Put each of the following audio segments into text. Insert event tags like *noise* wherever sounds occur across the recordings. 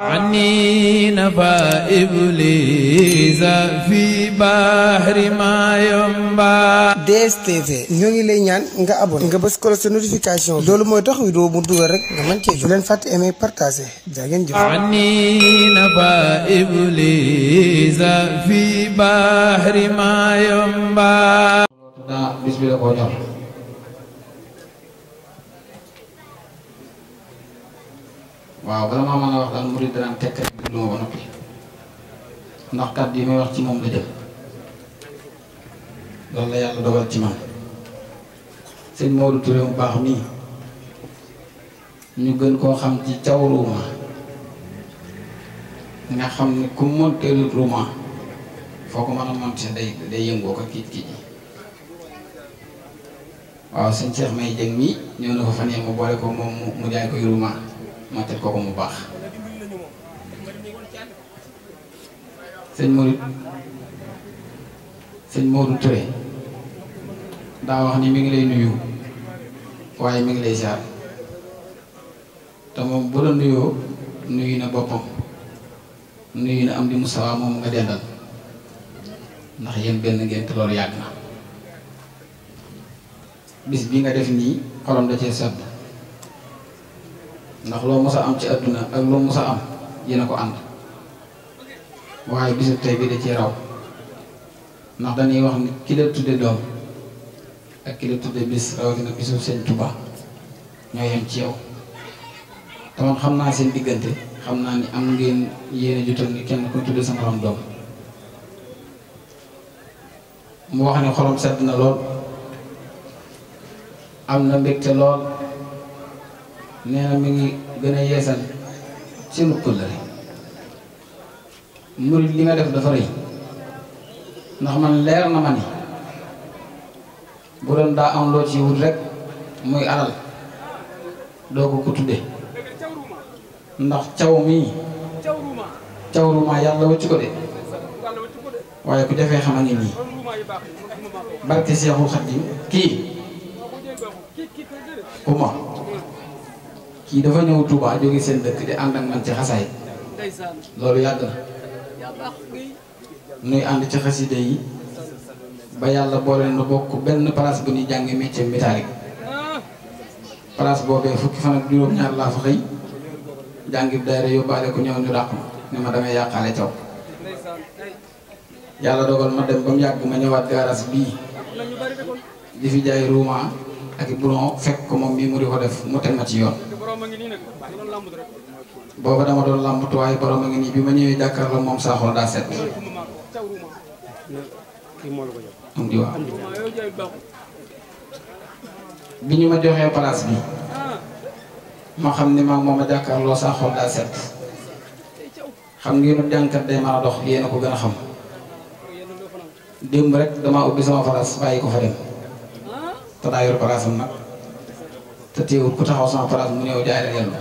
عني نفى إبليس في بحر ما ينبع DSTV ñoo ngi lay ñaan nga abonné nga bës ko sa notification loolu mooy tax vidéo mu dugal rek nga mën cee jox leen fàtte aimer partager jaa ngeen jëf عني نفى إبليس في بحر ما waaw bala maa mën a wax daal murid danañ tekk rek déglu ma ba noppi ndax kàddu yi may wax ci moom la jëm loolu la yàlla dogal ci man sëñ Modou Touré mu baax mii ñu gën koo xam ci caw ruuma nga xam ni ku monteelut ruuma foo ko mën a monte day day yëngoo ko kii kiit yi waaw sëñ Cheikh may jëng mii ñëw na ko fan yee mu boole ko moom mu jaay koy ruuma ma koko ko ko mu baax sëñ Modou sëñ Modou Touré daa wax ni mi ngi lay nuyu waaye mi ngi lay ziar te bu la nuyoo nuyu na boppam nuyu na am di Moustapha moom nga dendal ndax yéen benn ngeen te loolu yàgg bis bi nga def nii xolam da cee sedd ndax loo mos a am ci àdduna ak loo mos a am yéen a ko ànd waaye bisub tey bi da ci raw ndax dañuy wax ni kilo tudde doom ak kilo la tudde bis rawatina bisub sëñ Tuba ñoo yem ci yow te xam naa seen diggante xam naa ni am ngeen yéen a jutal ni kenn ku tudde sa doom mu wax ne xolam sedd na lool am na mbégte lool nee na mi ngi gën a yeesal seen kóllëre murit li nga def dafa rëy ndax man leer na ma ni bu doon daa am loo ci wut rek muy alal doo ko ko tudde ndax caw mii caw ruuma yàlla wëcc ko de waaye ku defee xam a ngi nii barke Seexu Xaadim kii uma ki dafa ñew Touba jogi seen dekk di and ak man ci xasaay lolu yag na nuy and ci xasside yi ba yalla bo leen bokk benn place bu ñu jàngi métier métallique ah. place bobé fukki fan ak juroom ñaar la fa xëy daara yu yóbbaale ko ñew ñu dàq ni ma damay yàqaale caw yalla dogal ma dem bam yag ma ñewat garas bi di fi jaay rouma ak i fek ko mom mi mu ri ko def mu teg ma ci yoon booba dama doon to waaye borom ngi ni bima ma ñëwee la mom saa da set. am di ma joxee place bi ma xamni ma moma moom lo jàkkaarloo da set xam ngeen jànkat day mën dox yéen ko gëna xam dem rek dama ubbi sama place bayiko fa dem ah? ta daa place nak te ku taxaw sama place mu ñëw jaay la yàlla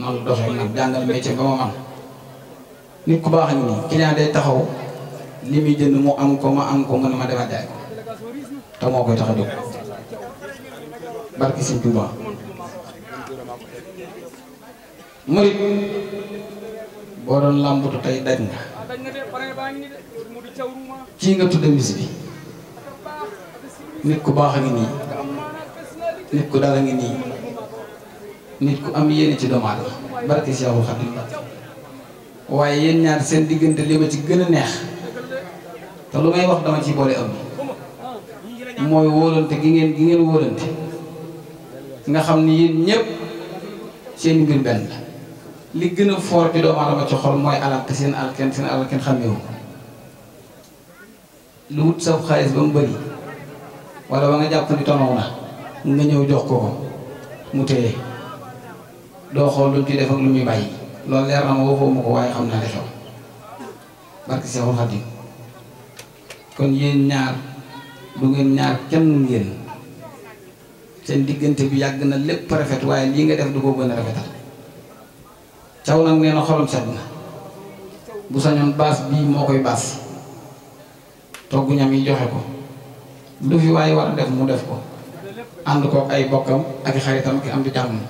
noonu doxee nag jàngal métier ba ma man nit ku baax ñu nii client day taxaw li muy jënd mu am ko ma am ko mu ne ma jaay te moo koy tax a jóg barki Sëñ Tuubaa murit boo doon làmbutu tey daj nga kii nga tudde bis bi nit ku baax a ngi nii nit ku a ngi nii nit ku am yéene ci doomu aadama barke Seexul Xadim waaye yéen ñaar seen diggante li ma ci gën a neex te lu may wax dama ci boole am mooy wóolante gi ngeen gi ngeen wóolante nga xam ni yéen ñëpp seen mbir benn li gën a foor ci doomu aadama ci xol mooy alal te seen alal kenn seen alal kenn xàmmeewu lu wut sa xaalis ba mu bëri wala ba nga jàpp ni tonaw na nga ñëw jox ko mu téye doo xool lu ci def ak lu muy bàyyi loolu leer na ma waxoo ma ko waaye xam naa li xew barki Seexul Xadiim kon yéen ñaar du ngeen ñaar kenn ngeen seen diggante bu yàgg na lépp rafet waaye lii nga def du ko gën a rafetal caw nag nee na xolam na bu sañoon baas bii moo koy baas togg ñam yi joxe ko lu fi waaye war a def mu def ko ànd kook ay bokkam ak xaritam ak am di jàmm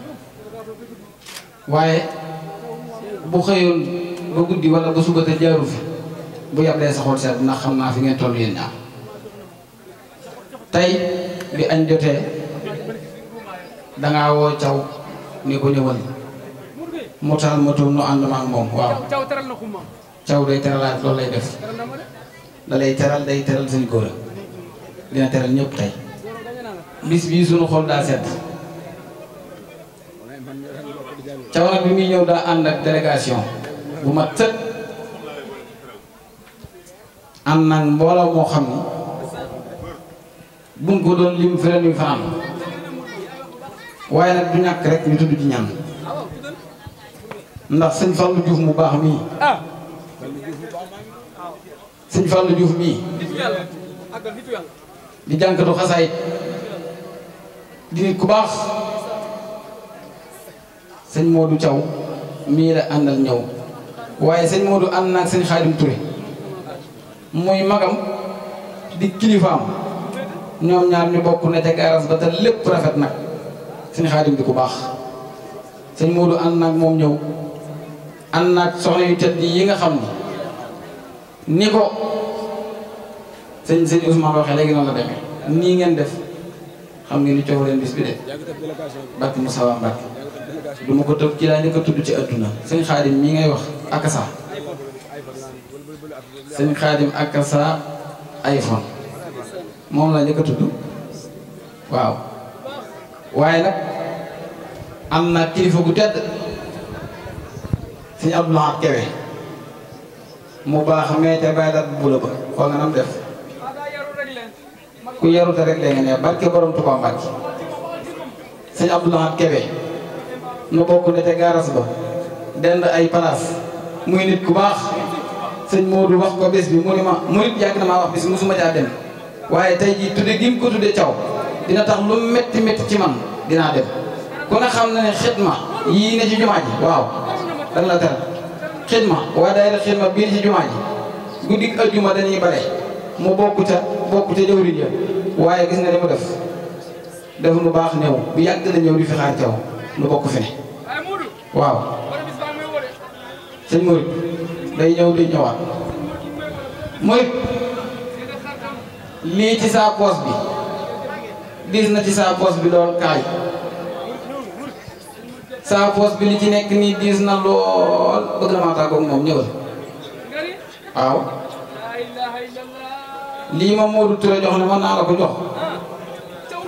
waaye bu xëyoon ba guddi wala ba suba jaaru fi bu yablee sa xol seet xam naa fi ngeen toll yéen ñaar tey bi añ jotee dangaa woo caw ni ko ñëwal mu taal ma tuum nu ànd ma ak moom waaw caw day teralaat loolu lay def da lay teral day teral seen góor dina teral ñëpp tey bis bi sunu xol da set Cawal bi mi ñew da and ak délégation bu ma sët am nag mbolo mo xam bu buñ ko doon lim fere ñuy fam waye nak du ñak rek ñu tuddu di ñan ndax seigne fallu juuf mu baax mi seigne fallu juuf mi di jànkatu xasaay di ku baax sëñ Modou caw mii la àndal ñëw waaye sëñ Modou ànd naag sëñ Xaadim Touré muy magam di kilifaam ñoom ñaar ñu bokk na te garas ba te lépp rafet nag sëñ Xaadim di ku baax sëñ Modou ànd naag moom ñëw ànd naag soxna yu tedd yi nga xam ni ni ko sëñ sëñ Ousmane waxee léegi noonu la demee nii ngeen def xam ngeen ni coow leen bis bi de Mbàkke Moussa Wa Mbàkke du ma ko tëb ci laa njëkk tudd ci adduna sëñ xaadim mii ngay wax akasa sëñ xaadim akasa iphone moom laa njëkk a tudd waaw waaye nag am naa kilifa gu tedd sëñ Abdou Lahad Kebe mu baax xam baydat bu la ba xool nga nam def ku yarute rek léegi ne barke borom Touba Mbacke sëñ Abdoulahat Kebe te gaaras ba dend ay palaas muy nit ku baax sëñ moo wax ko bés bi mu ni ma mu nit yàgg na maa wax musuma caa dem waaye tey jii tudde gi mu tudde caw dina tax lu métti métti ci man dinaa dem ku ne xam na ne xidma yii ne ci jumaa ji waaw dana la tere xidma waa daayira xidma bii ci jumaa ji guddi ajjuma dañuy bare mu bokk bokk ca jawriñ ja waaye gis nga li mu def def lu baax néew bu yàgg na ñëw di fi xaar caw lu bokk fi ne waaw sëñ murit day ñëw di ñëwaat murit lii ci saa poos bi diis na ci saa poos bi lool kaay saa poos bi li ci nekk nii diis na lool bëgg na maa tàggoog moom ñëwal waaw lii ma moo Touré jox ne ma naa la ko jox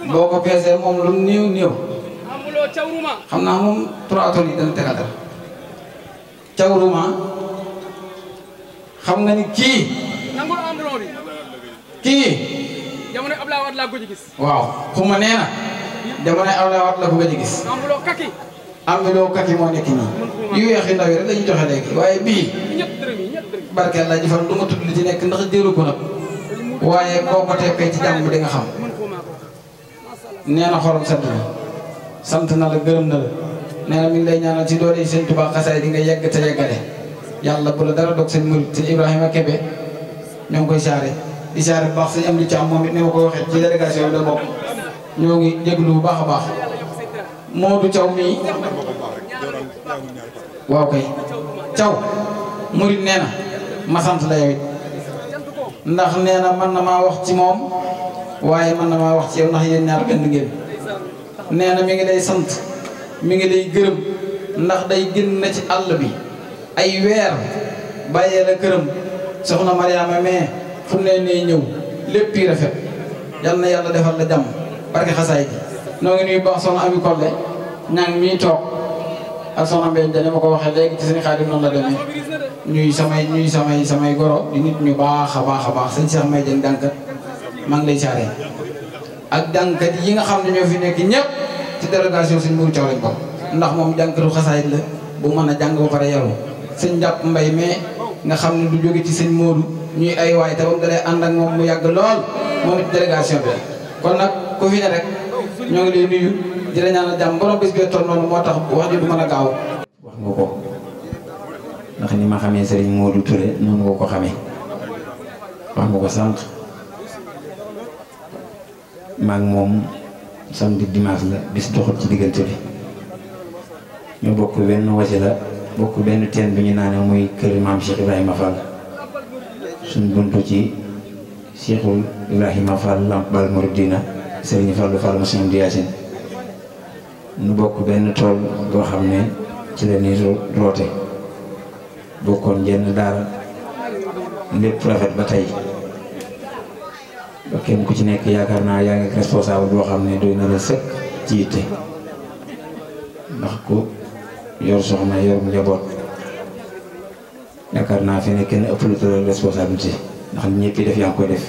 boo ko peesee moom lu néew néew xam naa moom 3 tonnes yi dana tegal dara cawruma xam nga ni gis waaw xuma nee na jamono Abdoulaye Wade la ko gëj a ambiloo kaki moo nekk nii yu weex yu ndaw yi rek lañu joxe léegi waaye bii barkeel laa jëfal du ma tudd li ci nekk ndax jëru ko nag waaye boo ko teppee ci jàmm di xam nee na xorom sant na la gërëm na la nee na mi ngi lay ñaanal ci doole yi sëñ Tuubaa xasaay di nga yegg te yeggale yàlla bu la dara dog sëñ murit sëñ Ibrahima Kebe ñoo ngi koy saare di saare baax sëñ am di ci am moom it ni ma ko waxee ci délégation bi la bokk ñoo ngi jéglu bu baax a baax Modou Thiaw mii waaw kay Thiaw murit nee ma sant la yow ndax nee na man na maa wax ci moom waaye man na maa wax ci yow ndax yéen ñaar benn ngeen nee na mi ngi lay sant mi ngi lay gërëm ndax day génn na ci àll bi ay weer bàyyee la këram soxna Mariama mais fu mu nee nee ñëw lépp yi rafet yal na yàlla defal la jàmm barke xasaay bi noo ngi nuyu baax soxna Ami Kolle ñaa ngi toog. ak soxna Mbène dana ma ko waxee léegi ci sëñ Xaadim noonu la demee ñuy samay ñuy samay samay goro di nit ñu baax a baax a baax sëñ Cheikh may Dieng dànkat maa ngi lay saare ak dànkat yi nga xam ne ñoo fi nekk ñëpp ci délégation sëñ Mourou Thiaw lañ ko ndax moom jànkatu xasaayit la bu mën a jàng ba pare yaru sëñ njàpp mbay mais nga xam ne du jóge ci sëñ Modou ñuy ay waay te ba mu dalee ànd ak moom mu yàgg lool moo it délégation bi kon nag ku fi ne rek ñoo ngi lay nuyu di la ñaanal jàmm borom bis bee toll noonu moo tax wax ji du mën a gaaw. wax nga ko ndax ni ma xamee Serigne Modou Touré noonu nga ko xamee wax nga ko sànq maag moom samedi dimanche la bis doxul ci diggante bi ñu bokk benn wasi la bokk benn teen bi ñu naan muy kër maam Cheikh Ibrahima Fall suñ buntu ci Cheikhul Ibrahima Fall Lamp Bal Serigne Fallou Fall nu bokk benn tool boo xam ne ci la ñuy roote bokkoon jenn daara lépp rafet ba tey ba kenn ku ci nekk yaakaar naa yaa ngi responsable boo xam ne doy na la sëkk ci yitte ndax ko yor soxna yor njaboot yaakaar naa fi ne kenn ëpp lu toll responsabilité ndax ñëpp yi def yaa ngi koy def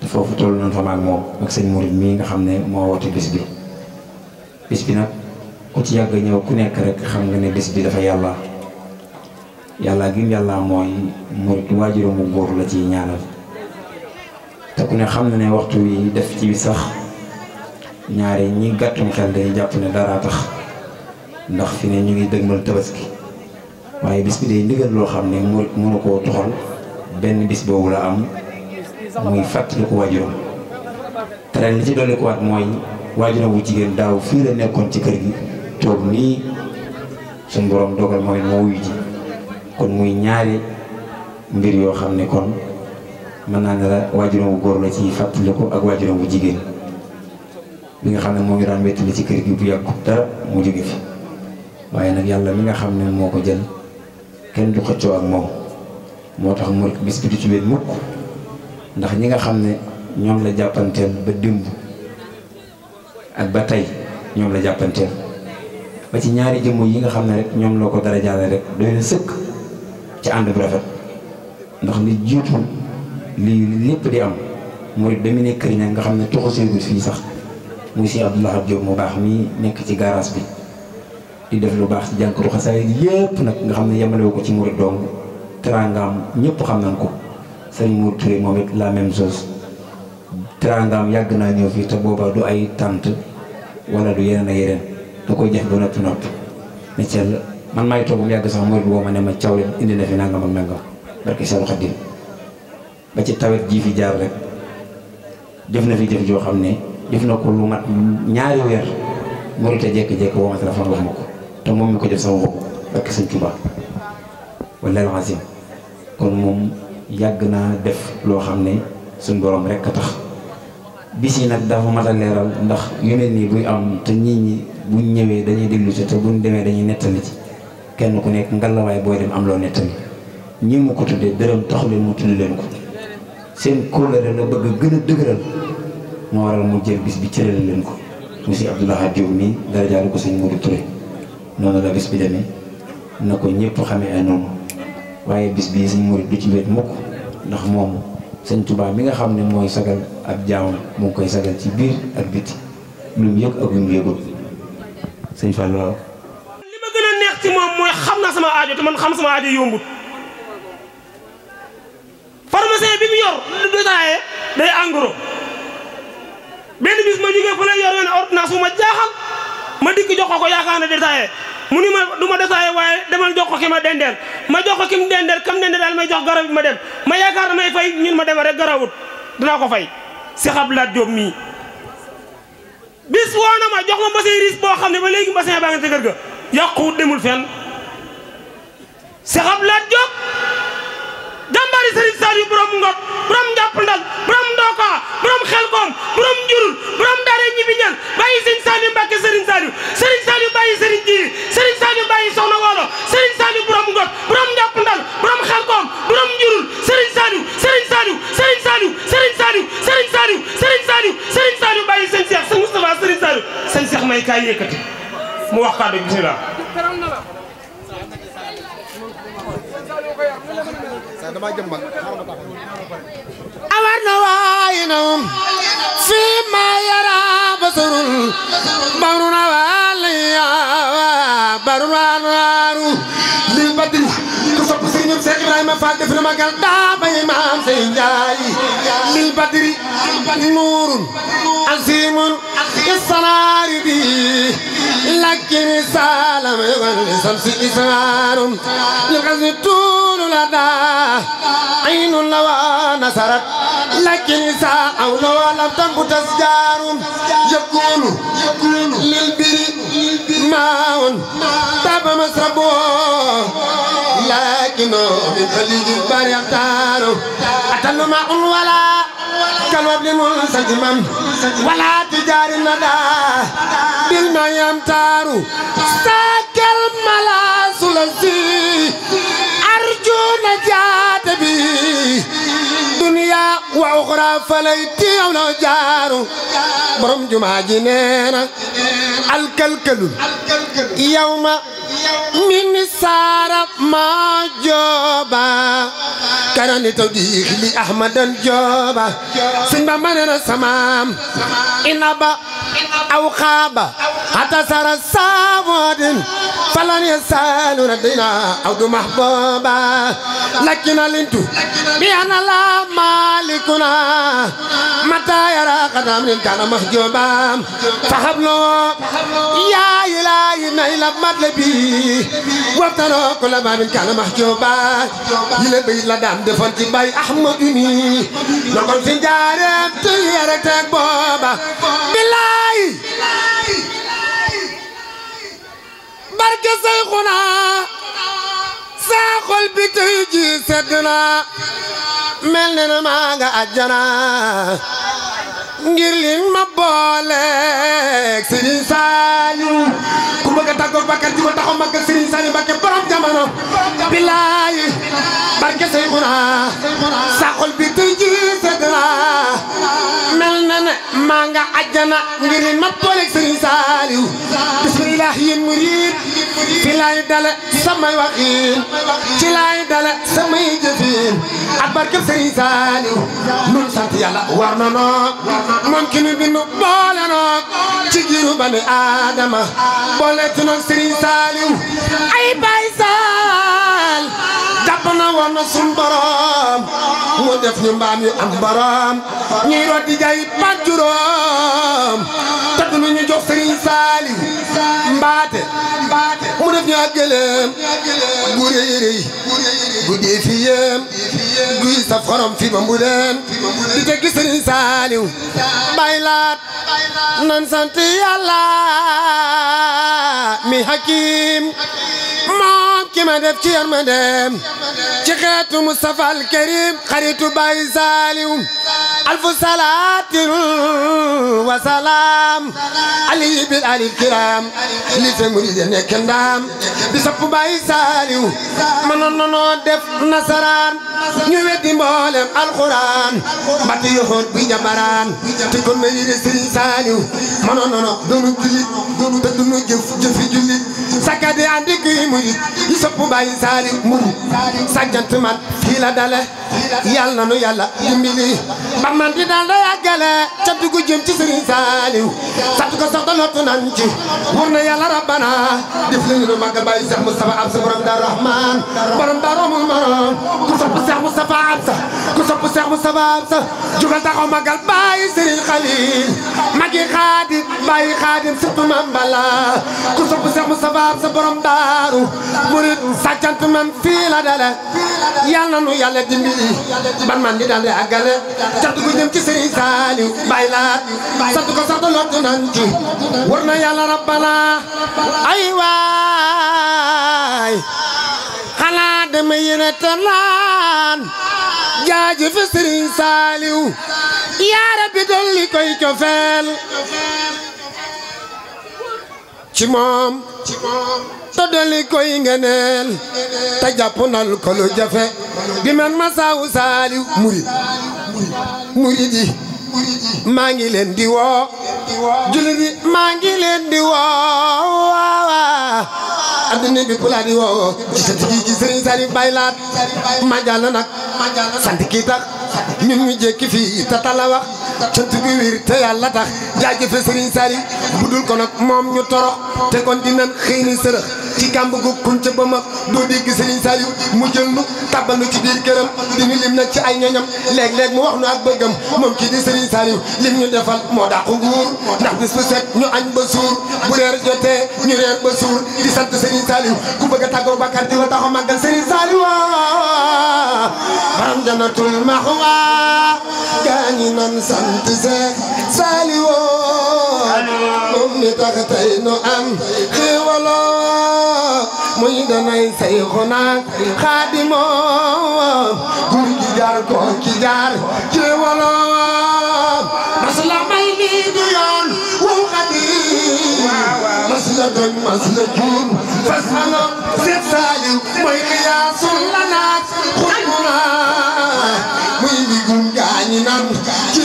te foofu toll nañ fa maag moom ak sëñ Mouride mii nga xam ne moo woote bis bi. bis bi nag ku ci yàgg ñëw ku nekk rek xam nga ne bis bi dafa yàlla yàlla gim yàlla mooy murit waajuram bu góor la ci ñaanal te ku ne xam na ne waxtu yi def ci bi sax ñaari ñi gàttum xel day jàpp ne dara tax ndax fi ne ñu ngi dëgmal tabaski waaye bis bi day ndigal loo xam ne murit mënu ko toxal benn bis boobu la am muy fàttaliku waajuram te ren li ci dolli mooy waajuram bu jigéen daaw fii la nekkoon ci kër gi toog nii suñ borom dogal mooy moo wuyu kon muy ñaari mbir yoo xam ne kon mën naa ne la waajuram bu góor la ci fàttali ko ak waajuram bu jigéen bi nga xam ne moo ngi daan wettali ci kër gi bu yàggu mu jóge fi nag yàlla mi nga xam ne moo ko jël kenn du xëccoo ak moom moo tax mu bis ci wet mukk ndax ñi nga xam ne ñoom la jàppanteel ba dimb ak ba tey ñoom la jàppanteel ba ci ñaari jëmm yi nga xam ne rek ñoom loo ko dara jaale rek doy na sëkk ci ànd bu rafet ndax li jiitu lii lépp di am mooy ba mu nekk këriñam nga xam ne toxaseegul fii sax muy si Abdoulaye Diop mu baax mi nekk ci garage bi di def lu baax ci jànkatu xasaay yépp nag nga xam ne yemalewu ko ci murid dong am ñëpp xam nañ ko sëñ Mour Touré moom it la même chose teraangaam yàgg naa ñëw fii te booba du ay tànt wala du yeneen ak yeneen da koy def ba noppi noppi ne cell man maay toog yàgg sax murid ma ne ma caw leen na fi nangam ak ci tawet ji fi jaar rek na fi joo xam ne jëf na ko lu mat ñaari weer murid te jékki-jékki woo ma téléphone wax ma ko te moom mi ko def sama bopp barke Sëñ Tuubaa wallaahi al-aziim kon moom yàgg naa def loo xam ne suñ borom rekk a tax bis yi nag dafa mat a leeral ndax yu mel nii buy am te nit ñi buñ ñëwee dañuy déglu ci te buñ demee dañuy nettali ci kenn ku nekk ngalawaay booy dem am loo nettali ñi mu ko tuddee dërëm taxu leen mu tudd leen ko seen kóllëre la bëgg a gën a dëgëral moo waral mu jël bis bi cërale leen ko monsieur Abdoulaye Diouf mii dara jaaru ko sëñ Modou Touré noonu la bis bi demee na ko ñëpp xamee ay noonu waaye bis bii sëñ Modou du ci wet mukk ndax moom sëñ Touba mi nga xam ne mooy sagal ak jaamam mu ngi koy sagal ci biir ak biti mu yëg ak lu mu yëgul sëñ Fallou waaw. li ma gën a neex ci moom mooy xam naa sama aajo te man xam sama aajo yombut pharmacien bi mu yor lu détaillé day engrais benn bis ma jógee fële yor benn ordonnance bu ma jaaxal ma dikk jox ko yaakaar ne détaillé mu ni ma du ma détaillé waaye demal jox ko ki ma dendeel ma jox ki mu dendeel kam dendeel daal may jox garab ma dem ma yaakaar damay fay ñun ma demee rek garawut dinaa ko fay. si xablaat Diop mii bis woo ma jox ma bassin riche boo xam ne ba léegi bassin baa nga ca kër ga yàquwut demul fenn si xablaat Diop jàmbaari Serigne Saliou borom Ngot borom Njàppandal borom Ndoka borom Xelkom borom Njurul borom Daara Ñibi Ñaan bàyyi Serigne Saliou Mbacke Serigne Saliou Serigne Saliou bàyyi Serigne Jili Saliou Serigne Saliou bàyyi sëñ Cheikh sëñ Moustapha Serigne Saliou sëñ Cheikh may kaay yëkkati mu wax kàddu bismillah awar na waayina um, fi ma yara basarul barun awaliya barun awaru li badri sëriñum Cheikh Ibrahima Fall def na magal daa bay maam say njaay mil badri nuurun asimun isanaari bi لكن سالم للشمس إسرار للغزو طول لدى عين لوى نصرت لكن ساعة لوى لم تنبت أشجار يكون للبر ماء تاب مشربه عينا من خليج البر يختار أتل ماء ولا كالوبل منسجما ولا تجار ندى بالماء يمتار ساك الملا سلسي أرجو نجاة به دنيا وأخرى فليتي ونجار borom juma ji neena iya umah, yawma min sara ma joba karani to diik ahmadan joba sun ba manena samam inaba aw khaba hatta sara sawadin falan yasalu radina aw du mahbaba lakina lintu bi ana la malikuna mata yara qadamin kana جمام فحبلو يا إلهي نيل مطلبي وابتنو كل ما من كان محجوبا يلبي لدام دفن تباي أحمد مي لقل في جارم تيارك تك بابا بلاي بركة سيخنا ساخل بتيجي سدنا ملنا ماغا أجنا ngir liñ ma booleeg Serigne Saliou ku bëgg a tàggoog bàkkaar ji ko taxaw màggal Serigne borom jamono bilaay barke Seyxuna sa xol bi tey ji sedd na maa nga ajjana ngir ma booleeg Serigne Saliou bismillah yéen murid fi laay dale samay waxiin ci laay dale samay jëfiin ak barkeb Serigne Saliou nun sant yàlla war na noog moom ki boole noog ci giru bani Adama boole ci noog Serigne Saliou doon na sun borom moo def ñu mbaam yi ak borom ñuy root di jaay pat juróom te duñu ñu jox sëriñ saali mbaate mu def ñu ak gëlëm gu rëy rëy gu dee fi yëm guy saf xorom fi ba mbuleen di teggi sëriñ saaliw bay laat nan sant yàlla mi hakim moo كيما دفت يا مدام شيخات مصطفى الكريم قريت باي سالم الف صلاة وسلام علي بالال الكرام اللي في مريد انا كندام بصف باي سالم من نونو دف نصران نيو دي مولم القران ماتي هون بي جمران تكون مريد سن سالم من نونو دونو جلي دونو جف جف جلي sakkade andi gi muy yi sopp bàyyi saali muri sàjjant man fii dale yàlla na nu yàlla dimbali ba man di daal da yàggale cant gu jëm ci sëriñ saaliw sant ko sax da nottu nan ci wur na yàlla rabbana def lañu nu màggal bàyyi Cheikh Moustapha Absa borom Daaru Rahmaan borom daaroomul Absa ku sopp Cheikh Moustapha Absa jugal taxaw magi xaadim bàyyi xaadim surtout Mame Balla ku sopp Cheikh Moustapha sant borom daaru murit sàccant man fii dale yal na nu yàlla dimbali ban man di daldi àggale sant gu ci Sëriñ Saaliw bàyyi laat sant ko sax lool du ci war na yàlla rabbana ay waay xanaa dama yéene te naan jaajëf Sëriñ Saaliw yaa rabbi dolli koy cofeel ci moom te dolli koy ngeneel te jàpp nal ko jafe di man masaawu saaliw murid murid yi maa ngi leen di woo jullit yi maa ngi leen di woo waawaa adduna bi bu laa di woo ci sant gi ci sëriñ Saliou Baye Laat majalla nag sant kii tax ñun ñu jékki fii te tala wax sant gi wér te yàlla tax jaajëfe sëriñ Saliou bu dul moom ñu torox te kon dinañ xëy ni sërëx ci kàmb gu kunte ba mag doo dégg Serigne Saliou mu jël nu tàbbal nu ci biir këram di ñu lim nag ci ay ñoñam léeg-léeg mu wax nu ak bëggam moom kii di Serigne Saliou lim ñu defal moo dàqu nguur ndax bis bu set ñu añ ba suur bu reer jotee ñu reer ba suur di sant Serigne Saliou ku bëgg a tàggoo bàkkaar di la tax a màggal Serigne janatul maxwa gaañi nan sant Seex Saliou moom mi tax tey am xéewaloo muy danay Seyxuna Xaadimoo gur gi jaar ko ki jaar may lii du yoon wow xadim mas la doñ mas la juum fas aloo seet saaliw mooy xiyaasul la naat xutbuna muy ligum gaañi nan ci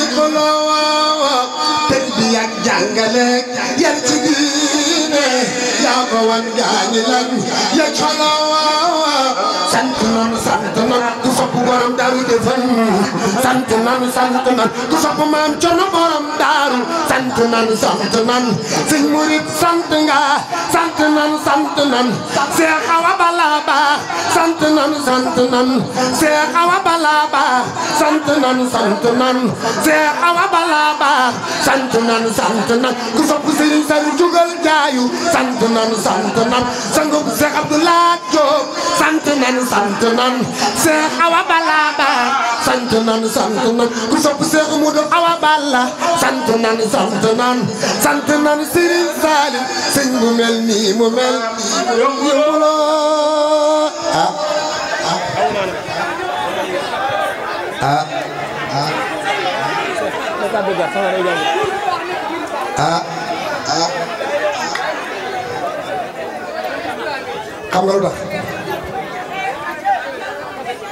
jàngale yar ci diine yaa ko wan gaañi lan ya caloo sant nanu sant nanu ku sopp borom daaru defal nu sant nanu sant nanu ku sopp maam coono borom daaru sant nanu sant nanu sëñ murit sant nga sant nanu sant nanu Seex Awa Balla Baax sant nanu sant nanu Seex Awa Balla Baax sant nanu sant nanu Seex Awa Balla Baax sant nanu sant nanu ku sopp sëriñ sar jugal jaayu sant nanu sant nanu sangub Seex Abdulaay Jóob sant nanu nan sant nan Cheikh Awa Balla ba sant nan sant nan ku sopp Cheikh Modou Awa nan sant nan nan Serigne Salim sëñ bu mel nii mu mel yomb yomb la ah ah ah. ah ah ah ah xam nga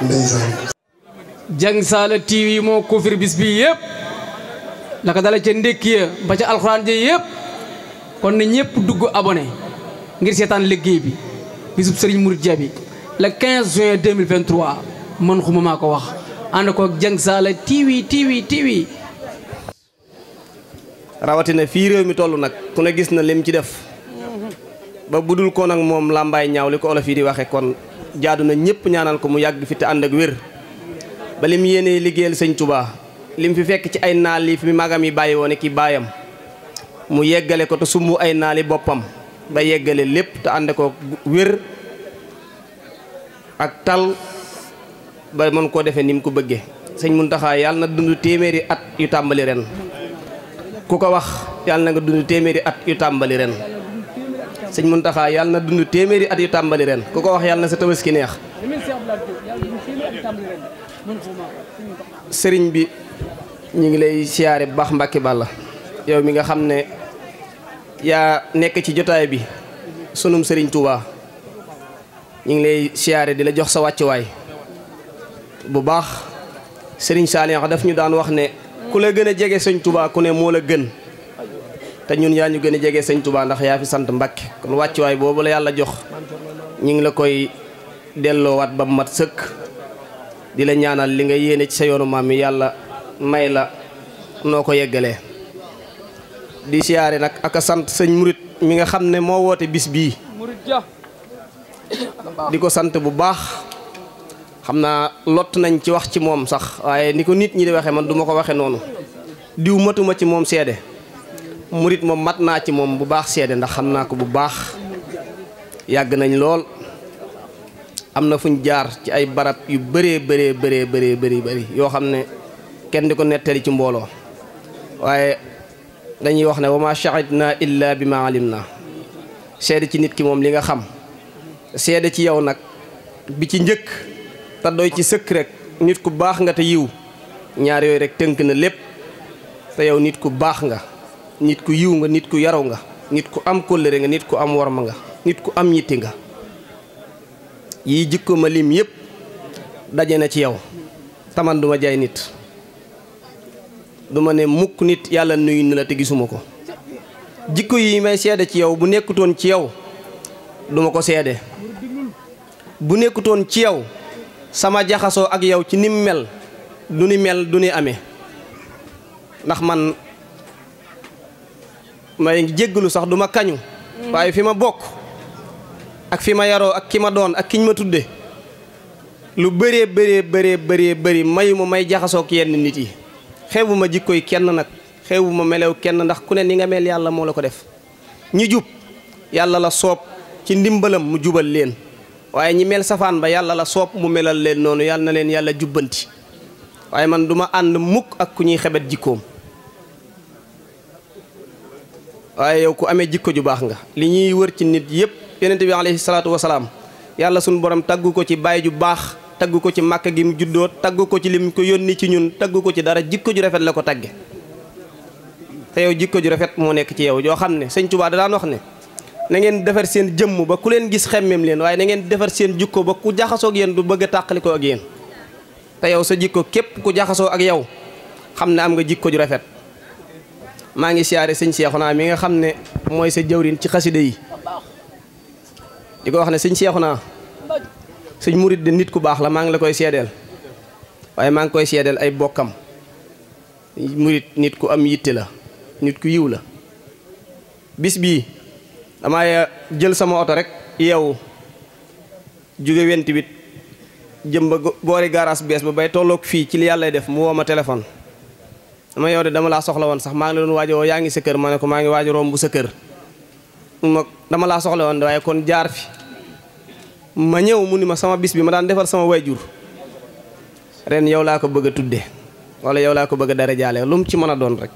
ndeysaan jàng saala TV moo couvrir bis bi yëpp la ko dala ca ndékki ya ba ca alxuraan ja yëpp kon na ñëpp dugg abone ngir seetaan liggéey bi bisub Serigne Mouride Dia bi le 15 juin 2023 man xuma maa ko wax ànd ko jàng saala TV TV TV rawatina fii réew mi toll nag ku ne gis na lim ci def ba budul ko nak mom lambay làmbaay ñaaw li ko yi di waxe kon jaaduna ñepp ñaanal ko mu yagg fi te and ak wër ba lim yene liggéeyal señ Touba lim fi fekk ci ay naali fi magam yi bàyyi ki bayam mu yeggalé ko to sumu ay naali bopam ba yeggalé lepp te and ko wër ak tal ba mon ko defé nim ko na at yu tambali ren kuko wax nga dundu at yu tambali ren sëñ Muntaxa yàlla na téeméeri at yu tàmbali ren ku ko wax yàlla na sa tabaski neex sëriñ bi ñu ngi lay siyaare bu baax Mbàkke Balla yow mi nga xam ne yaa nekk ci jotaay bi sunum sëriñ Touba ñu ngi lay siyaare di la jox sa wàccuwaay bu baax sëriñ Saliou daf ñu daan wax ne ku la gën a jege sëñ Touba ku ne moo la gën te ñun yaa ñu gën a jege sëñ Touba ndax yaa fi sant Mbàkke kon wàccuwaay boobu la yàlla jox ñu ngi la koy delloowaat ba mat sëkk di la ñaanal li nga yéene ci sa yoonu maam yi yàlla may la noo ko yeggalee. di siyaare nag ak a sant sëñ murit mi nga xam ne moo woote bis bii di ko sant bu baax xam naa lott nañ ci wax ci moom sax waaye ni ko nit ñi di waxee man duma ko waxe noonu diw matuma ci moom seede murit mom matna ci mom bu baax sédé ndax xamna ko bu baax yag nañ lool amna fuñ jaar ci ay barab yu béré béré béré béré béré béré yo xamné ne kenn diko netali ci mbolo waaye dañuy wax ne wa ma shahidna illa bima alimna alim na ci nit ki mom li nga xam sédé ci yow nak bi ci ñëk ta doy ci sëkk rek nit ku baax nga te yiw ñaar yoy rek teunk na lepp te yow nit ku baax nga nit ku yiw nga nit ku yaraw nga nit ku am kóllëre nga nit ku am warma nga nit ku am ñitti nga yi jikko ma lim yépp dajé na ci yow taman duma jay nit duma né mukk nit yalla nuyu na la te gisuma ko jikko yi may sédé ci yow bu nekkutoon ci yow duma ko sédé bu ci yow sama jaxaso ak yow ci nim mel duni mel duni amé man ngi jéggalu sax du ma kañu mm. waaye fi ma bokk ak fi ma yaroo ak ki ma doon ak kiñ ma tudde lu bëree bëree bëree bëree bëri mayuma may jaxasook yenn nit yi xew xewuma jikkoy kenn nag xew ma melew kenn ndax ku ne ni nga mel yàlla moo la ko def ñi jub yàlla la soob ci ndimbalam mu jubal leen waaye ñi mel safaan ba yàlla la soob mu melal leen noonu yàlla na leen yàlla jubbanti waaye man duma ànd mukk ak ku ñuy xebet jikkoom waye yow ku amé jikko ju bax nga li ñi wër ci nit yépp yenenbi bi alayhi salatu wasalam yalla sun borom taggu ko ci baye ju bax taggu ko ci makka gi mu juddoo taggu ko ci lim ko yonni ci ñun taggu ko ci dara jikko ju rafet la ko taggé te yow jikko ju rafet mo nekk ci yow jo xamné ne sëñ da daan wax né na ngeen defar seen jëm ba ku leen gis xemmem leen waye na ngeen seen jikko ba ku ak yeen du bëgg takaliko ak yeen te yow sa jikko képp ku jaxaso ak yow am nga jikko ju rafet maa ngi siyaare sëñ naa mi nga xam ne mooy sa jëwrin ci xasida yi di ko wax ne sëñ naa sëñ murit de nit ku baax la maa ngi la koy seedeel waaye maa ngi koy seedeel ay bokkam murit nit ku am yitte la nit ku yiw la bis bii damay eh, jël sama oto rek yeewu jóge went wit jëm ba boori garage bees ba bay tollook fii ci li yàlla def mu woo ma téléphone ma yow de dama lawan soxla won sax ma ngi don wajjo waajo ngi sa kër ma ko maa ngi wajjo rombu sa keur ma dama la soxla won waye kon jaar fi ma ñew mu sama bis bi ma daan defal sama wayjur ren yow la ko bëgg tuddé tudde wala yow la ko bëgg dara jaale lu mu ci mëna don rek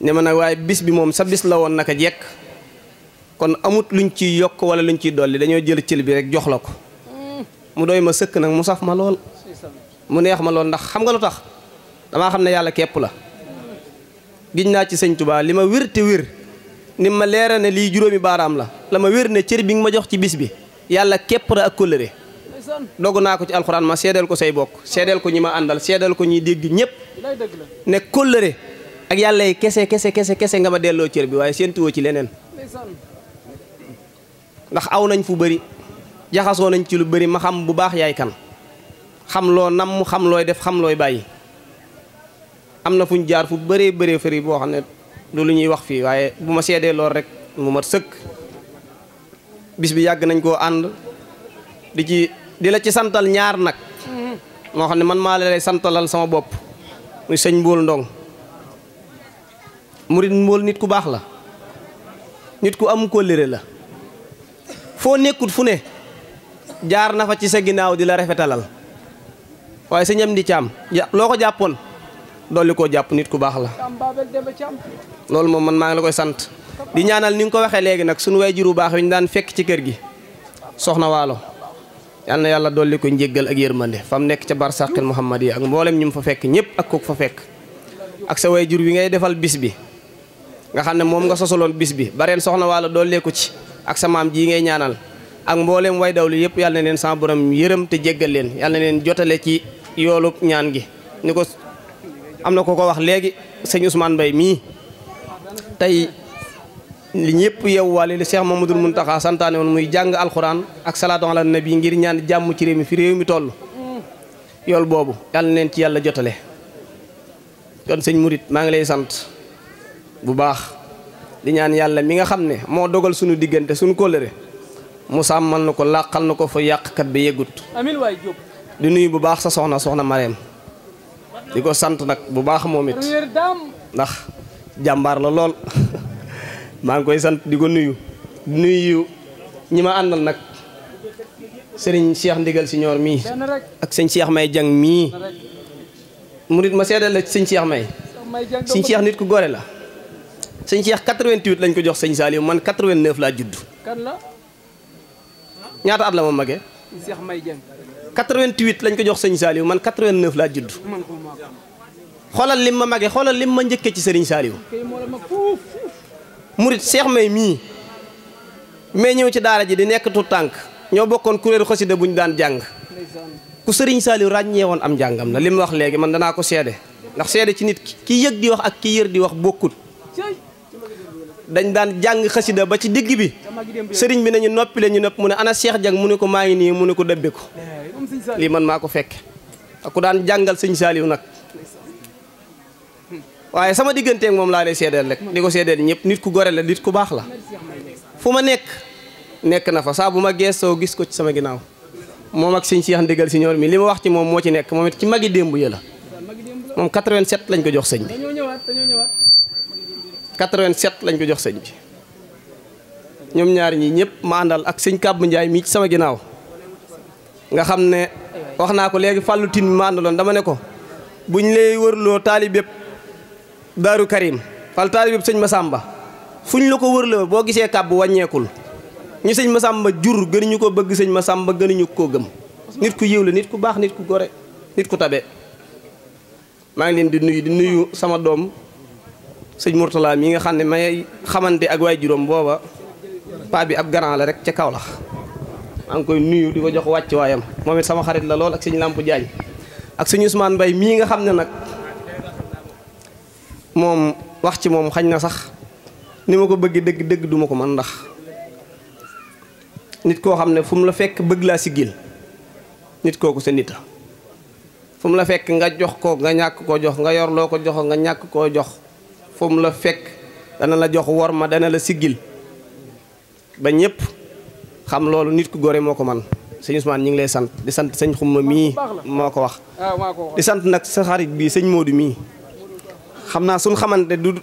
ne ma bis bi mom sa bis la won naka jek kon amut luñ ci yok wala luñ ci doli dañu jël ciil bi rek jox la ko mm. mu doy ma sëkk nag mu saf ma lol mu neex ma lol ndax xam nga lutax damaa xam ne yàlla kepp la giñ naa ci sëñ Tuubaa li ma wér te wér ni ma leera ne lii juróomi baaraam la la ma wér ne cër bi nga ma jox ci bis bi yàlla képp la ak kóllëre dogu naa ko ci alxuraan ma seedeel ko say bokk seedeel ko ñi ma àndal seedeel ko ñuy dégg ñëpp ne kóllëre ak yàlla kese kese kese kese nga ma delloo cër bi waaye séentuwoo ci leneen ndax aw nañ fu bari jaxasoo nañ ci lu bëri ma xam bu baax yaay kan xam loo namm xam looy def xam looy bàyyi amna fuñ jaar fu bëree bëree fëri bo xamné lu ñuy wax fi wayé bu sédé lool rek mu mat sëkk bis bi yag nañ ko and di ci di la ci santal ñaar nak mo xamné man ma lay santalal sama bop muy señ mbol Ndong murit mbol nit ku bax la nit ku am léré la fo nekkut fu né jaar na fa ci sa ginaaw di la rafetalal waye señam di cham loko japon dolli koo jàpp nit ku baax la loolu moom man maa ngi la koy sant di ñaanal ni nga ko waxee léegi nag suñu waajur bu baax wi ñu daan fekk ci kër gi soxna waalo yal yàlla dolli ko njéggal ak yërmande fa mu nekk ca barsàqil muhammad yi ak mboolem ñu mu fa fekk ñëpp ak ko fa fekk ak sa waajur wi ngay defal bis bi nga xam ne moom nga sosaloon bis bi bareen soxna waalo dollee ko ci ak sa maam ji ngay ñaanal ak mbooleem way dawli yëpp yàlla na leen sama borom yërëm te jéggal leen yal na leen jotale ci yoolu ñaan gi am na ko ko wax léegi sëñ Ousmane Mbaye mii tey li ñëpp yow waale li ma Mamadou Mountakha santaane woon muy jàng alxuraan ak salaatu ala nabi ngir ñaan jàmm ci réew mi fi réew mi toll. yool boobu yàlla neen ci yàlla jotale kon sëñ Murit maa ngi lay sant bu baax di ñaan yàlla mi nga xam ne moo dogal suñu diggante suñu kóllëre mu sàmmal na ko làqal na ko fa yàqkat bi yeggut. amiin di nuyu bu baax sa soxna soxna Marème. diko ko sant nag bu baax momit ndax jambar la lol *laughs* maa ngi koy sant diko nuyu nuyu ñima andal nak serigne Cheikh Ndigal senior mi ak serigne Cheikh May Jang mi murit ma sédal la serigne Cheikh May serigne Cheikh nit ku goré la serigne Cheikh 88 lañ ko jox serigne salim man 89 kan la judd ñaata at la ma magee Cheikh May Jang 88 lañ ko jox Serigne Saliw man 89 la judd xolal lim ma mage xolal lim ma ñëkke ci Serigne Saliw murit Cheikh may mi mais ñew ci daara ji di nekk tu tank ño bokkon kuréelu xasida buñ daan jang ku Serigne Saliw ràññee won am jangam la lim wax léegi man dana ko sédé ndax sédé ci nit ki yegg di wax ak ki yër di wax bokut dañ daan jang xasida ba ci digg bi serigne bi nañu noppi la ñu mu ne ana cheikh jang mu ne ko maa ni mu ne ko debbe ko liman man maa fekk ku daan jangal seigne saliw nak waye sama ak mom la lay sédel rek nyep sédel ñep nit ku gore la nit ku bax la fu nek nek na fa sa buma gesso gis ko ci sama ginaaw mom ak seigne cheikh ndigal si ñoor mi lima wax ci mom mo ci nek momit ci magi dembu ya la mom 87 lañ ko jox sëñ bi 87 lañ ko jox bi ñom ñaar ñi ma andal ak sëñ Kàbb ndjay mi ci sama ginaaw nga xam ne wax naa ko léegi fàllu tin ma àndaloon dama ne ko buñ lay wërloo taalib yëpp daaru karim fal taalib yëpp sëñ Masamba fuñ la ko wërloo boo gisee kàbb wàññeekul ñu sëñ ma sàmba jur gënuñu ko bëgg sëñ ma Masamba gënuñu koo gëm nit ku yiw la nit ku baax nit ku gore nit ku tabe maa ngi leen di nuyu di nuyu sama doom sëñ Mourtala mi nga xam ne may xamante ak waay juróom booba paa bi ab garant la rek ca kaw Kaolack ang koy nuyu diko jox wàccuwaayam wayam oh, momit sama xarit la lol ak seigne lampu jaañ ak seigne Ousmane bay mi nga xamne nak mom wax ci mom xagn na sax nima ko beug deug deug duma ko man ndax nit ko xamne fum la fekk beug la sigil nit koku se nita fum la fekk nga jox ko nga ñak ko jox nga yor loko jox nga ñak ko jox fum la fekk dana la jox worma dana la sigil ba ñepp xam loolu nit ku gore moo ko man sëñ Ousmane ñu ngi lay sant di sant sëñ Xumma mii moo ko wax ah, di sant nag sa xarit bii sëñ Modou mii xam naa suñ xamante du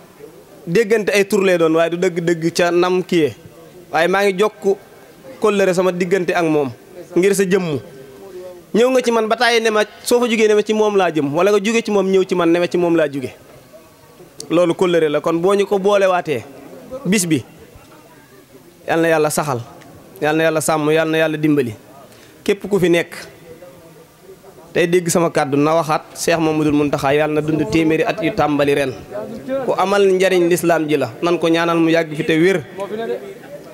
déggante ay tur lay doon waaye du dëgg-dëgg ca nam kiyee waaye maa ngi jokk kóllëre sama diggante ak moom ngir sa jëmm ñëw nga ci man ba tàyyi ne ma soo fa jugee ne ci moom laa jëm wala nga jóge ci moom ñëw ci man ne ma ci moom laa jóge loolu kóllëre la kon boo ñu ko boolewaatee bis bi yàlla saxal yal na yàlla sàmm yalla na yàlla dimbali kep ku fi nek tay deg sama kaddu na waxat Cheikh Mamadou Mountakha yal na dund temeri at yu tambali ren ku amal njariñ l'islam ji la nan ko ñaanal mu yàgg fi te wir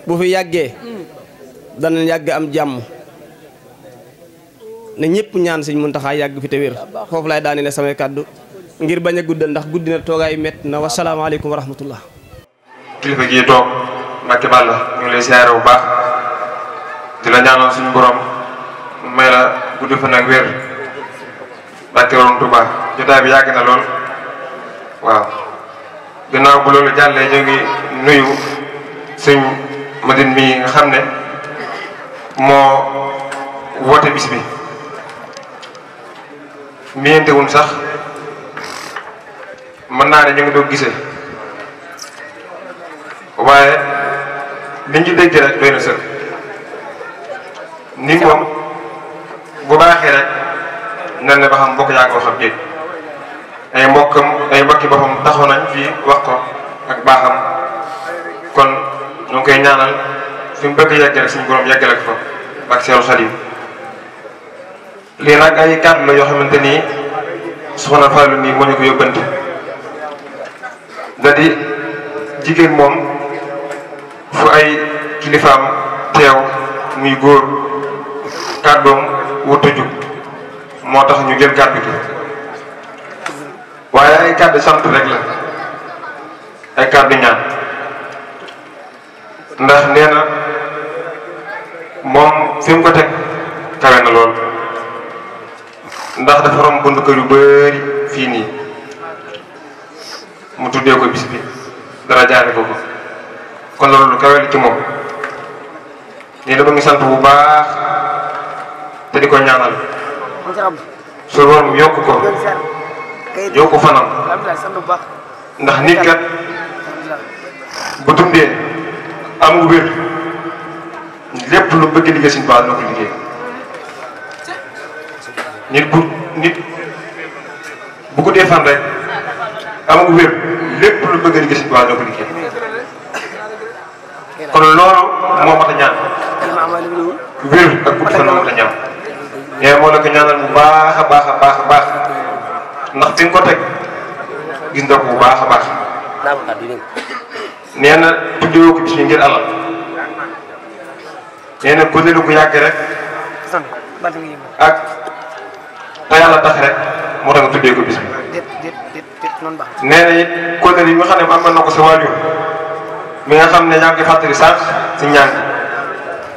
bu fi yàggee dana yàgg am jàmm ne ñepp ñaan seigne Mountakha yàgg fi te wir fofu lay daani ne samay kàddu ngir baña a guddal ndax guddi na toogaay métti na wa rahmatullah kilifa gi tok Mbacke ñu lay ziaré bu baax di la ñaanal suñu borom may la gudd fa nag wér bàkki roon Tuubaa jotaay bi yàgg na lool waaw ginnaaw bu loolu jàllee ñu ngi nuyu sëñ Madine mi nga xam ne moo woote bis bi miyentewuñ sax mën naa ne ñu ngi doog gisee waaye liñ ci dégg rek doy na sëkk nit moom bu baaxee rek nan ba xam mbokk yaa ko xam déet ay mbokkam ay mbokki boppam taxaw nañ fii wax ko ak baaxam kon ñu koy ñaanal fi mu bëgg yegg rek suñu borom yeggale ko fa ak seeru Xadim lii nag ay kàddu la yoo xamante nii soxna Fallou nii moo ñu ko yóbbante da jigéen moom fu ay kilifaam teew muy góor kàddoom wut a jub moo tax ñu jël kaddu gi waaye ay kaddu sant rek la ay kaddu ñaan ndax nee na moom fi mu ko teg kawe na lool ndax dafa rom bunt kër yu bari fii nii mu tuddee ko bis bi dara jaare ko ko kon loolu lu kawe ci moom nee na ngi sant bu baax di ko ñaanal suñu borom yokk ko yokk fanam ndax nit kat bu dundee am wér lépp lu bëgg liggéey suñu baax na ko liggéey nit bu nit bu fan rek am wér lépp lu bëgg liggéey suñu baax na ko liggéey kon loolu moo mat a ñaan wér ak gudd fan mat a ñaan ñee moo la ko ñaanal bu baax a baax baax ndax fi ko teg gis nga bu baax ko ci ngir alal lu ko rek ak te yàlla tax rek moo tax nga ko bis bi nee na it yi nga xam ne na ko sa waajur mi nga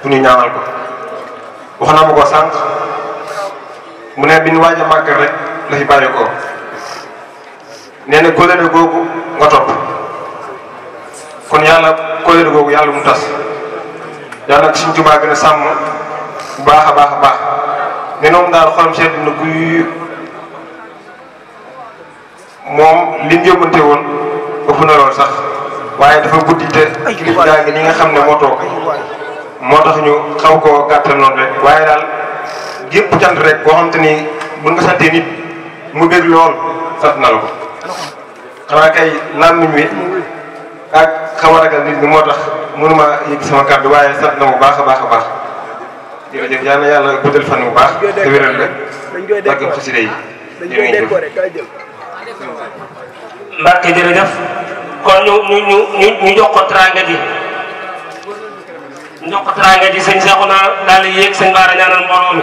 ñaan ñaanal ko ko mu ne bi ñu waaj a màggal rek la fi bàyyi ko nee na kóllëre googu nga topp kon yàlla kóllëre googu yàlla mu tas yàlla ak suñ Tuubaa gën a sàmm bu baax a baax a baax nee na moom daal xolam sedd na guy moom li ñu yóbbante woon ëpp na lool sax waaye dafa guddi te kilifa ngi li nga xam ne moo toog moo tax ñu xaw koo gàttal rek waaye daal. yëpp cant rek boo xamanteni bu nga santee nit mu bëgg lool sant na lako xana kay nan ñu wi ak xaw a ragal nit ni motax mënuma yegg sama kaddu waye sant na mu baaxa baaxa baax a jëf jërëjëf yal na yàlla guddal fan mu baax te wéral la barke xasida yi jërëjëf barke jërëjëf kon ñu ñu ñu ñu ñu jox ko teraanga ji ñu jox ko teraanga ji sëñ Seexuna daal di yéeg sëñ Baara ñaanal mbooloo mi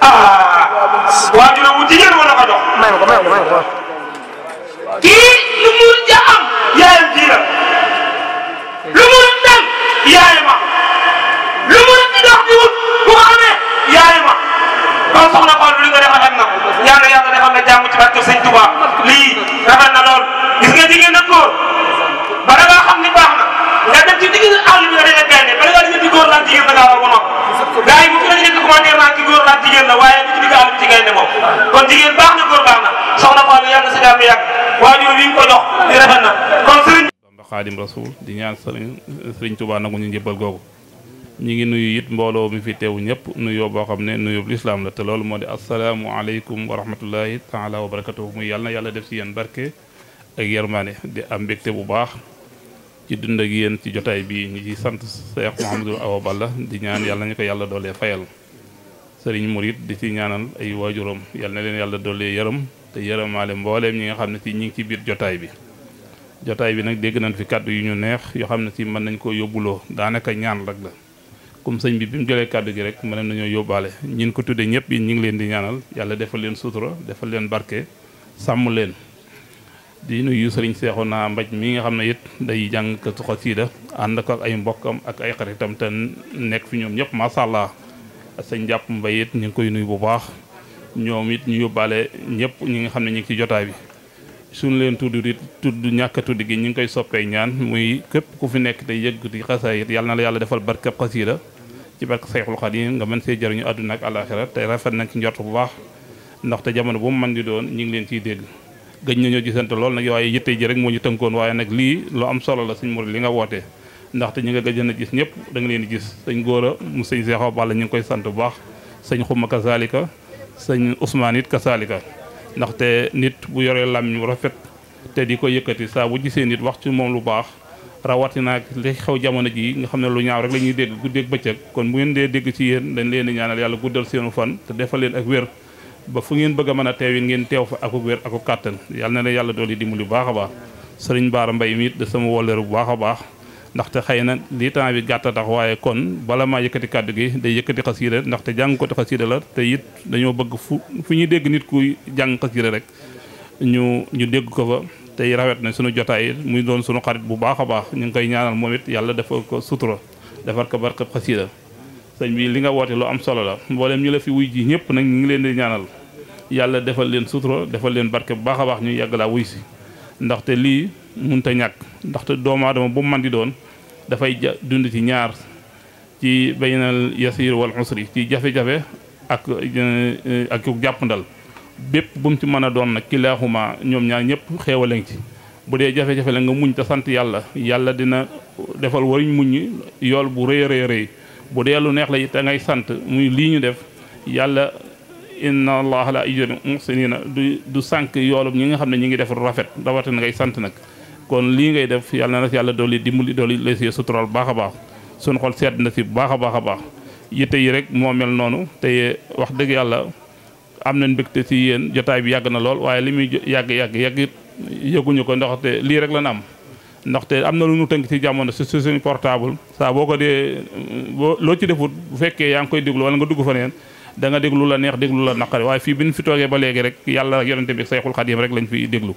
ah waajur wu jigéen war na ko jox. may ma ko may ma ko may ma ko. kii lu mu ja am yaayam ji la lu mu dem yaayam a lu mu di dox di wut bu ko amee yaayam a kon soxna Fallou li nga def rafet na ko yàlla yàlla defal na jàmm ci barke Sëñ Touba lii rafet na lool gis nga jigéen ak góor ba da ngaa xam ni baax na nga dem ci digg àll bi nga demee gaynde ba da ngaa di góor naan jigéen da ngaa war a ko nopp gars yi bu ñu leen commenté maa jigéen la waaye nit ñi nga am ci gaynde moom kon jigéen baax na góor baax na soxna Fallou yàlla sa jàmm yàgg waajur wi ko jox di rafet kon sëriñ Bamba Xaadim ñu njëbbal googu ñi ngi nuyu it mbooloo mi fi teewu ñëpp nuyoo boo xam ne nuyoo bu lislaam la te loolu moo di asalaamu aleykum wa rahmatullahi wa barakatuhu muy yàlla yàlla def ci yéen barke ak yërmande di am mbégte bu baax ci dund ak yéen ci jotaay bi ñu ci sant Cheikh Mouhamadou Awa Balla di ñaan yàlla ñu ko yàlla doolee fayal sëriñ murit di ci ñaanal ay waajuram yàlla na leen yàlla doole yërëm te yërëmaale mbooleem ñi nga xam ne si ñi ngi ci biir jotaay bi jotaay bi nag dégg nañ fi kàddu yu ñu neex yoo xam ne ci mën nañ koo yóbbuloo daanaka ñaan rek la comme sëñ bi bi mu jëlee kàddu gi rek mën nañoo yóbbaale ñin ko tuddee ñëpp yi ñu ngi leen di ñaanal yàlla defal leen sutura defal leen barke sàmm leen di nuyu sëriñ naa Mbaj mi nga xam ne it day jàng katu xasida ànd ko ak ay mbokkam ak ay xaritam te nekk fi ñoom ñëpp macha allah sëñ njàpp mbay it ñu ngi koy nuyu bu baax ñoom it ñu yóbbaale ñëpp ñi nga xam ne ñu ngi ci jotaay bi. suñu leen tudd di tudd ñàkk tudd gi ñu ngi koy soppee ñaan muy képp ku fi nekk day yëg di xasaayit yàlla na la yàlla defal barkeb xasida ci barke Seexul Xadiim nga mën see jëriñu àdduna ak àllaaxira te rafet nañ ci njort bu baax ndaxte jamono bu mu mën di doon ñu ngi leen ciy dégg. gëj nañoo gisante lool nag waaye yitte ji rek moo ñu tënkoon waaye nag lii lu am solo la sëñ Mouride li nga wootee ndaxte ñu nga gëj a gis ñëpp danga nga leen di gis sëñ Gora mu sëñ Seexaw Balla ñu ngi koy sant bu baax sañ Xuma kasaalika sëñ Ousmane it kasaalika ndaxte nit bu yoree làmmiñ bu rafet te di ko yëkkati saa bu gisee nit wax ci moom lu baax rawatina li xew jamono ji nga xam ne lu ñaaw rek la ñuy dégg guddeeg bëccëg kon bu ngeen dee dégg ci yéen dañ leen ñaanal yàlla guddal seenu fan te defal leen ak wér ba fu ngeen bëgg a mën a teewin ngeen teew fa akuk wér akuk kàttan yal na la yàlla dool yi dimbali bu baax a baax sëriñ Baara Mbay mi it da sama wolleeru bu baax a baax ndaxte xëy na li temps bi gàtta tax waaye kon bala maa yëkkati kàddu gi day yëkkati xasiida ndaxte jàng ko xasiida la te it dañoo bëgg fu fu ñuy dégg nit kuy jàng xasiida rek ñu ñu dégg ko fa tey rawet na suñu jotaay muy doon suñu xarit bu baax a baax ñu ngi koy ñaanal moom it yàlla dafa ko sutura defar ko barkab xasiida sëñ bii li nga woote lu am solo la mboolem ñu la fi wuy ji ñëpp nag ñu ngi leen di ñaanal yàlla defal leen sutura defal leen barke bu a baax ñu yàgg laa wuy si ndaxte lii mënut a ñàkk ndaxte doomu aadama bu man di doon dafay dund ci ñaar ci baynal yasir wal usri ci jafe-jafe ak euh, ak jàppandal bépp bu mu ci mën a doon nag kilaaxuma ñoom ñaar ñëpp xéewal ngi ci bu dee jafe-jafe la nga muñ te sant yàlla yàlla dina defal wariñ muñ yool bu rëy rëy rëy bu dee lu neex la it da ngay sant muy lii ñu def yàlla inna ay la ajri muhsinina du du sànq yoolub ñi nga xam ne ñi ngi def rafet rawatina ngay sant nag kon lii ngay def yàlla na di dooli dimbali dooli la si sutural baax a baax suñu xol sedd na si baax a baax a baax yitte yi rek moo mel noonu te wax dëgg yàlla am na mbégte si yéen jotaay bi yàgg na lool waaye li muy yàgg-yàgg yàgg it yëguñu ko ndaxte lii rek la na am ndax té amna lu ñu tënk ci jamono ci suñu portable sa boko dé lo ci defut bu fekkee ya ngi koy déglu wala nga dugg fa neen da nga déglu la neex déglu la nakari way fi biñ fi toogee ba légui rek yalla ak yaronte bi Sayxul khadim rek lañ fi déglu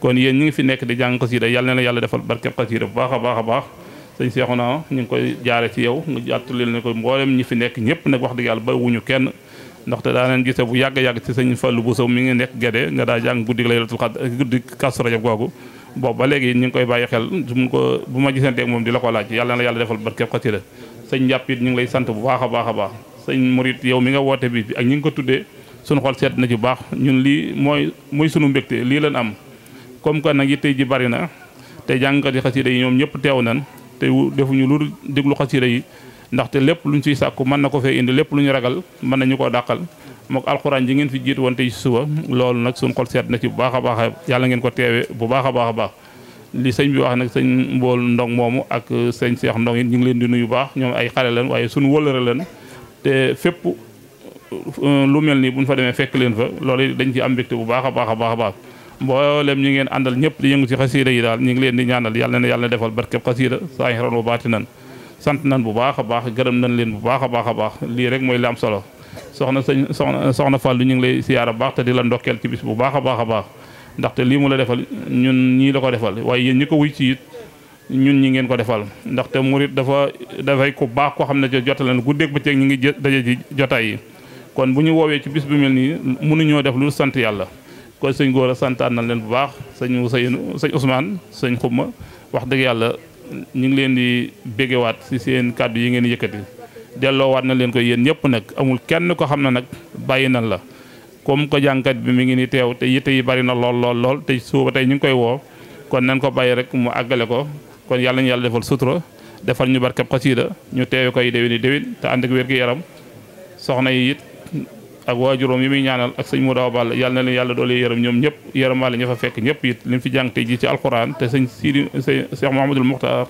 kon yeen ñi ngi fi nekk di jang jàng xasida yàlla na la yàlla defal barkeb xasida bu baaxa baaxa baax a cheikhuna ñi ngi koy jaare ci yow nga jàttalil ne ko mbolem ñi fi nekk ñepp nak wax dëgg yalla ba wuñu kenn ndaxte daa neen gise bu yàgg-yàgg ci sëñ Fallu bu Buso mi ngi nekk gédé nga daa jàng guddi laylatul xadr guddi kasra Rajab gogou boobu ba léegi ñu ngi koy bàyyi xel su mun ko bu ma gisante ak moom di la ko laaj yàlla na yàlla defal barkeb xasida sëñ jàpp it ñu ngi lay sant bu baax a baax a baax sëñ murit yow mi nga woote bi ak ñu nga ko tuddee suñu xol seet na ci baax ñun lii mooy muy sunu mbégte lii leen am comme que nag yitte ji bari na te jàngkati xasida yi ñoom ñëpp teew nan te defuñu lu déglu xasida yi ndaxte lépp lu luñ ciy sàkku mën na ko fee indi lépp lu ñu ragal mën nañu koo dàqal mook alxuraan ji ngeen fi jiit wante ci suba lool nag suñ xol seet na ci bu baax a baax yàlla ngeen ko teewe bu baax a baax a baax li bi wax nag sañ mbool ndong moomu ak sëñ seex ndong it ñu ngi leen di nuyu baax ñoom ay xale leen waaye suñu wëlëre leen te fépp euh, lu mel nii buñ fa demee fekk leen fa loolu dañ ci am mbégte bu baax a baax baax a baax mboolem ngeen àndal ñëpp di yëngu ci xasiida yi daal ñu ngi leen di ñaanal yàlla na yàlla defal barkeb xasiida saahiran wa baatinan sant nan bu baax a baax gërëm nañ leen bu baax a baax a baax lii rek mooy li am solo soxna sëñ soxna faal lu ñu ngi lay siyaara baax te di la ndokkeel ci bis bu baax a baax a baax ndaxte lii mu la defal ñun ñii la ko defal waaye yéen ñi ko wuy ci it ñun ñi ngeen ko defal ndaxte murit dafa dafay ku baax koo xam ne jo jotaleen guddeeg bëccëg ñu ngi daja ci jotaay yi kon bu ñu woowee ci bis bu mel nii mënuñoo def lu sant yàlla kon sëñ góor a santaan nañ leen bu baax sëñ Ousseynou sëñ Ousmane sëñ ma wax dëgg yàlla ñu ngi leen di béggewaat si seen kàddu yi ngeen yëkkati delloowaat na leen ko yéen ñëpp nag amul kenn ko xam na nag bàyyi nan la kom ko jànkat bi mu ngi ni teew te yitte yi bari na lool lool lool te suuba tey ñu ngi koy woo kon nañ ko bàyyi rek mu àggale ko kon yàlla ñu yàlla defal sutura defal ñu barkeb xasiida ñu teewe koy déwéni déwén te ànd ak wér-gu-yaram soxna yi it ak waajuróom yi muy ñaanal ak mu Modaw Ball yàlla na leen yàlla doole yaram ñoom ñëpp yërëmaale ña fa fekk ñëpp it li mu fi jàng tey ji ci alxuraan te sëñ Sidi sëñ Cheikh Mouhamadul Muxtaar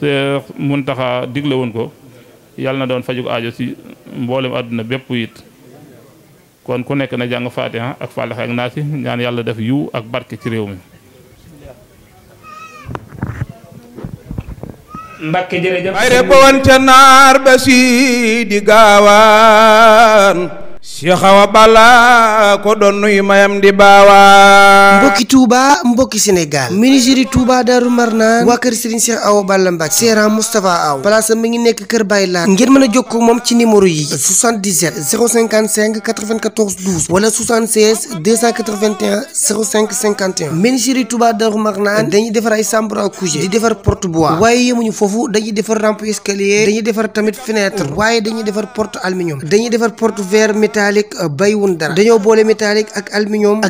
Cheikh digle woon ko yalla na doon fajug aajo ci mbolam aduna bepp it kon ku nek na jang fatiha ak faalaxe ak nasi ñaan yalla def yu ak barke ci rewmi mbacke jere jërëjëf ay repp wante naar ba si di gawan. Cheikh Awa Balla ko doon nuyu mayam di baawaa mbokki Touba mbokki Sénégal menuiserie Touba Darou Marnaan waa kër Serigne Cheikh Awa Balla Mbacke Seran Moustapha Aw place mi ngi nekk kër Baye Laat ngir mën a jokkoo moom ci numéro yi 77 055 94 12 wala 76 281 05 51 menuiserie Touba Darou Marnaan dañuy defar ay chambre à coucher di defar porte bois waaye yemuñu foofu dañuy defar rampe escalier dañuy defar tamit fenêtre waaye dañuy defar porte aluminium dañuy defar porte verre métal métallique euh, baywun dara dañoo boole métallique a eh, bois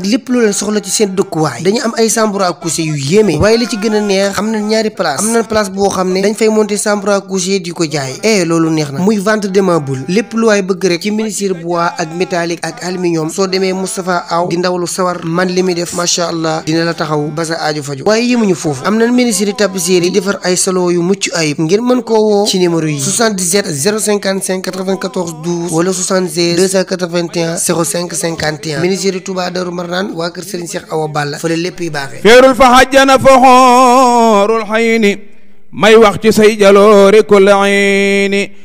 ak métallique ak aluminium soo demee Moustapha Aw di ndaw sawar man li def macha allah dina la taxaw ba sa faju waaye yemuñu foofu am na menuiserie tapisserie yi defar ay solo yu mucc ayib ngir mën koo woo ci numéro yi 77 881 05 51 ministère Touba Darou Marnaan waa kër Serigne Cheikh Awa Balla fële lépp yi baaxee féerul fa xajjana fa xoorul xayni may wax ci say jaloori kulli